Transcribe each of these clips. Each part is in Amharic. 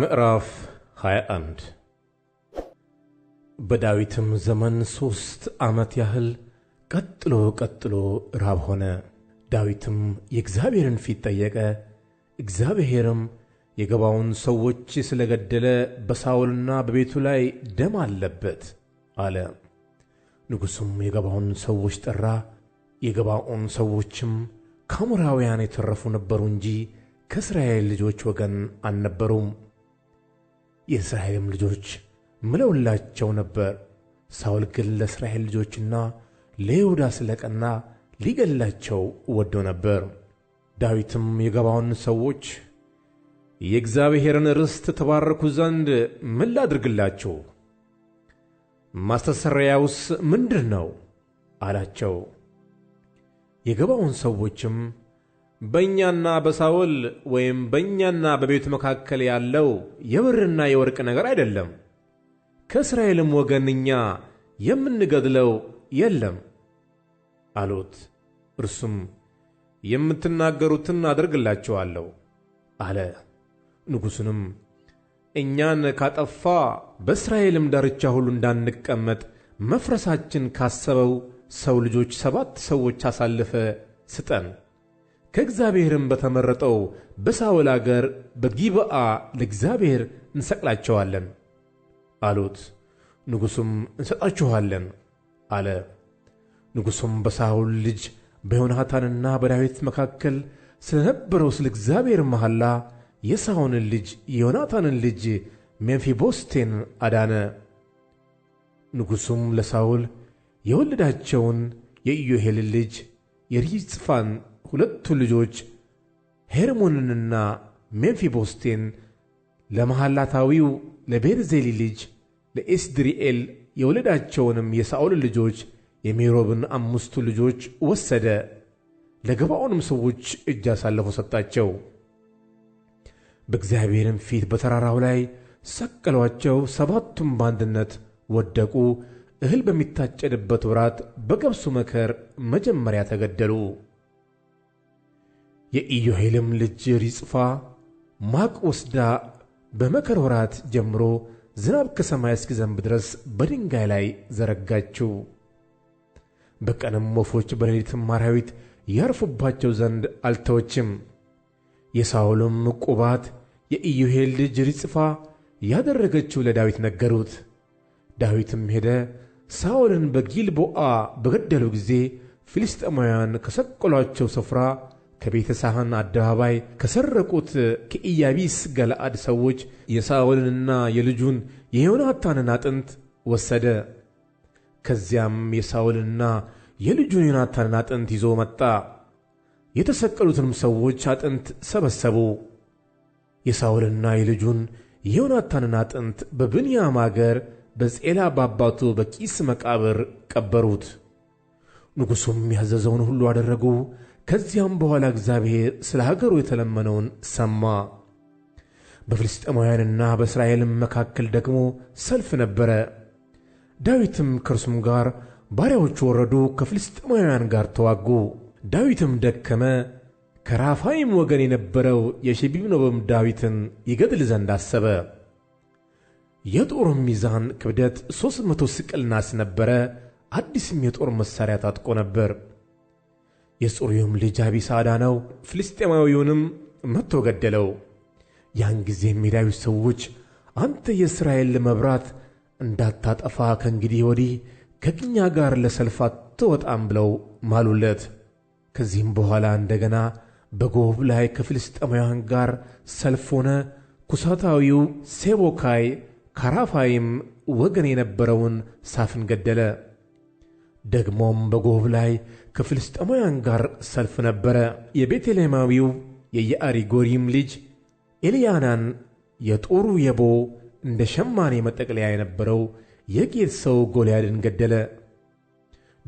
ምዕራፍ 21 በዳዊትም ዘመን ሦስት ዓመት ያህል ቀጥሎ ቀጥሎ ራብ ሆነ። ዳዊትም የእግዚአብሔርን ፊት ጠየቀ። እግዚአብሔርም የገባውን ሰዎች ስለ ገደለ በሳውልና በቤቱ ላይ ደም አለበት አለ። ንጉሡም የገባውን ሰዎች ጠራ። የገባውን ሰዎችም ከአሞራውያን የተረፉ ነበሩ እንጂ ከእስራኤል ልጆች ወገን አልነበሩም። የእስራኤልም ልጆች ምለውላቸው ነበር። ሳውል ግን ለእስራኤል ልጆችና ለይሁዳ ስለቀና ሊገላቸው ወዶ ነበር። ዳዊትም የገባውን ሰዎች የእግዚአብሔርን ርስት ተባረኩ ዘንድ ምን ላድርግላችሁ? ማስተሰሪያውስ ምንድር ነው? አላቸው። የገባውን ሰዎችም በእኛና በሳውል ወይም በእኛና በቤቱ መካከል ያለው የብርና የወርቅ ነገር አይደለም። ከእስራኤልም ወገን እኛ የምንገድለው የለም አሉት። እርሱም የምትናገሩትን አደርግላችኋለሁ አለ። ንጉሡንም እኛን ካጠፋ በእስራኤልም ዳርቻ ሁሉ እንዳንቀመጥ መፍረሳችን ካሰበው ሰው ልጆች ሰባት ሰዎች አሳልፈ ስጠን ከእግዚአብሔርም በተመረጠው በሳውል አገር በጊብአ ለእግዚአብሔር እንሰቅላቸዋለን አሉት። ንጉሡም እንሰጣችኋለን አለ። ንጉሡም በሳውል ልጅ በዮናታንና በዳዊት መካከል ስለ ነበረው ስለ እግዚአብሔር መሐላ የሳውልን ልጅ የዮናታንን ልጅ ሜምፊቦስቴን አዳነ። ንጉሡም ለሳውል የወለዳቸውን የኢዮሄልን ልጅ የሪጽፋን ሁለቱ ልጆች ሄርሞንንና ሜምፊቦስቴን ለመሐላታዊው ለቤርዜሊ ልጅ ለኤስድሪኤል የወለዳቸውንም የሳኦል ልጆች የሜሮብን አምስቱ ልጆች ወሰደ። ለገባዖንም ሰዎች እጅ አሳልፎ ሰጣቸው። በእግዚአብሔርም ፊት በተራራው ላይ ሰቀሏቸው። ሰባቱም በአንድነት ወደቁ። እህል በሚታጨድበት ወራት በገብሱ መከር መጀመሪያ ተገደሉ። የኢዮሄልም ልጅ ሪጽፋ ማቅ ወስዳ በመከር ወራት ጀምሮ ዝናብ ከሰማይ እስኪዘንብ ድረስ በድንጋይ ላይ ዘረጋችው። በቀንም ወፎች በሌሊትም አራዊት ያርፉባቸው ዘንድ አልተወችም። የሳኦልም ቁባት የኢዮሄል ልጅ ሪጽፋ ያደረገችው ለዳዊት ነገሩት። ዳዊትም ሄደ ሳኦልን በጊልቦአ በገደሉ ጊዜ ፊልስጤማውያን ከሰቀሏቸው ስፍራ ከቤተሳህን አደባባይ ከሰረቁት ከኢያቢስ ገለአድ ሰዎች የሳኦልንና የልጁን የዮናታንን አጥንት ወሰደ። ከዚያም የሳኦልንና የልጁን ዮናታንን አጥንት ይዞ መጣ። የተሰቀሉትንም ሰዎች አጥንት ሰበሰቡ። የሳኦልና የልጁን የዮናታንን አጥንት በብንያም አገር በጼላ በአባቱ በቂስ መቃብር ቀበሩት። ንጉሡም ያዘዘውን ሁሉ አደረጉ። ከዚያም በኋላ እግዚአብሔር ስለ ሀገሩ የተለመነውን ሰማ። በፍልስጥኤማውያንና በእስራኤልም መካከል ደግሞ ሰልፍ ነበረ። ዳዊትም ከእርሱም ጋር ባሪያዎቹ ወረዱ፣ ከፍልስጥኤማውያን ጋር ተዋጉ። ዳዊትም ደከመ። ከራፋይም ወገን የነበረው የሸቢብኖብም ዳዊትን ይገድል ዘንድ አሰበ። የጦሩም ሚዛን ክብደት ሦስት መቶ ስቅል ናስ ነበረ። አዲስም የጦር መሣሪያ ታጥቆ ነበር። የጽሩዩም ልጅ አቢሳዳ ነው። ፍልስጤማዊውንም መጥቶ ገደለው። ያን ጊዜም የዳዊት ሰዎች አንተ የእስራኤል መብራት እንዳታጠፋ ከእንግዲህ ወዲህ ከእኛ ጋር ለሰልፍ አትወጣም ብለው ማሉለት። ከዚህም በኋላ እንደገና በጎብ ላይ ከፍልስጥኤማውያን ጋር ሰልፍ ሆነ። ኩሳታዊው ሴቦካይ ከራፋይም ወገን የነበረውን ሳፍን ገደለ። ደግሞም በጎብ ላይ ከፍልስጥኤማውያን ጋር ሰልፍ ነበረ። የቤተልሔማዊው የየአሪጎሪም ልጅ ኤልያናን የጦሩ የቦ እንደ ሸማኔ መጠቅለያ የነበረው የጌት ሰው ጎልያድን ገደለ።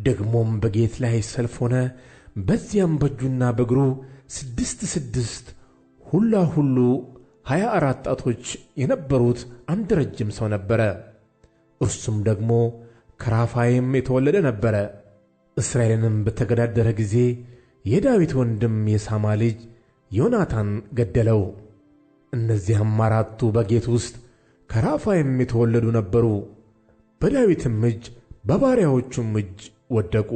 ደግሞም በጌት ላይ ሰልፍ ሆነ። በዚያም በእጁና በእግሩ ስድስት ስድስት ሁላ ሁሉ ሀያ አራት ጣቶች የነበሩት አንድ ረጅም ሰው ነበረ። እርሱም ደግሞ ከራፋይም የተወለደ ነበረ። እስራኤልንም በተገዳደረ ጊዜ የዳዊት ወንድም የሳማ ልጅ ዮናታን ገደለው። እነዚያም አራቱ በጌት ውስጥ ከራፋይም የተወለዱ ነበሩ፤ በዳዊትም እጅ በባሪያዎቹም እጅ ወደቁ።